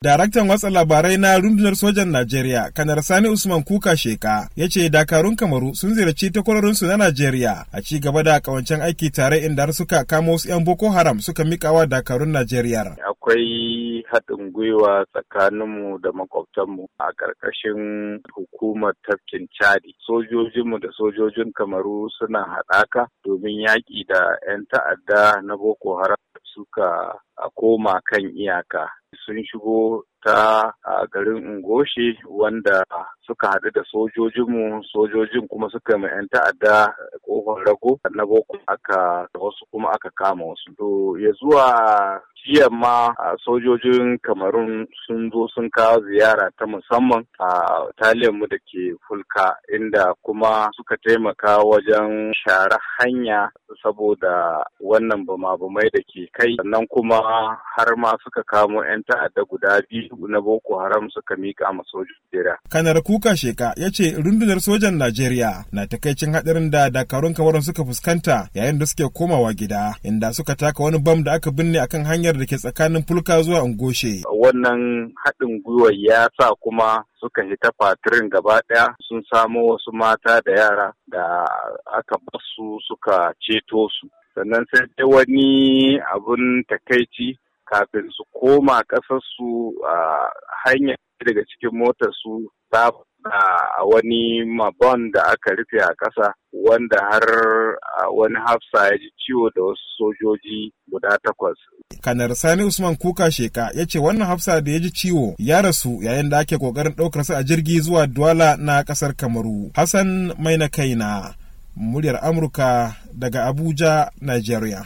Daraktan watsa labarai na rundunar sojan Najeriya, Kanar Sani Usman Kuka Sheka, ya ce dakarun Kamaru sun ziyarci takwarorinsu na Najeriya a ci gaba da kawancen aiki tare inda har suka kama wasu 'yan Boko Haram suka mikawa dakarun Najeriya. Akwai haɗin gwiwa tsakaninmu da makwabtanmu a ƙarƙashin hukumar tafkin Chadi. Sojojinmu da sojojin Kamaru suna haɗaka domin yaƙi da 'yan ta'adda na Boko Haram. suka koma kan iyaka sun shigo ta a garin Ungoshi wanda suka haɗu da sojojinmu sojojin kuma suka mai 'yan ta'adda kofar rago na boko aka wasu kuma aka kama wasu. To ya zuwa jiya ma sojojin kamarun sun zo sun kawo ziyara ta musamman a mu da ke fulka inda kuma suka taimaka wajen share hanya saboda wannan bama-bamai da ke kai sannan kuma har ma suka kamo 'yan ta'adda guda biyu na boko haram suka mika ma sojin Najeriya. kanar kuka sheka ya ce rundunar sojan Najeriya na takaicin haɗarin da dakarun kamarun suka fuskanta yayin da suke komawa gida inda suka taka wani bam da aka binne akan hanyar da ke tsakanin fulka zuwa ungoshe. wannan haɗin gwiwar ya sa kuma suka ta fatirin gaba ɗaya sun samo wasu mata da yara da aka basu suka ceto su sannan sai dai wani abun takaici kafin su koma ƙasarsu a hanya daga cikin motar su ta a wani mabon da aka rufe a ƙasa wanda har wani hafsa ya ji ciwo da wasu sojoji guda takwas kanar sani usman kuka sheka ya ce wannan hafsa da ya ji ciwo ya rasu yayin da ake kokarin ɗaukar su a jirgi zuwa duwala na ƙasar kamaru hassan mai na kaina muryar amurka daga abuja nigeria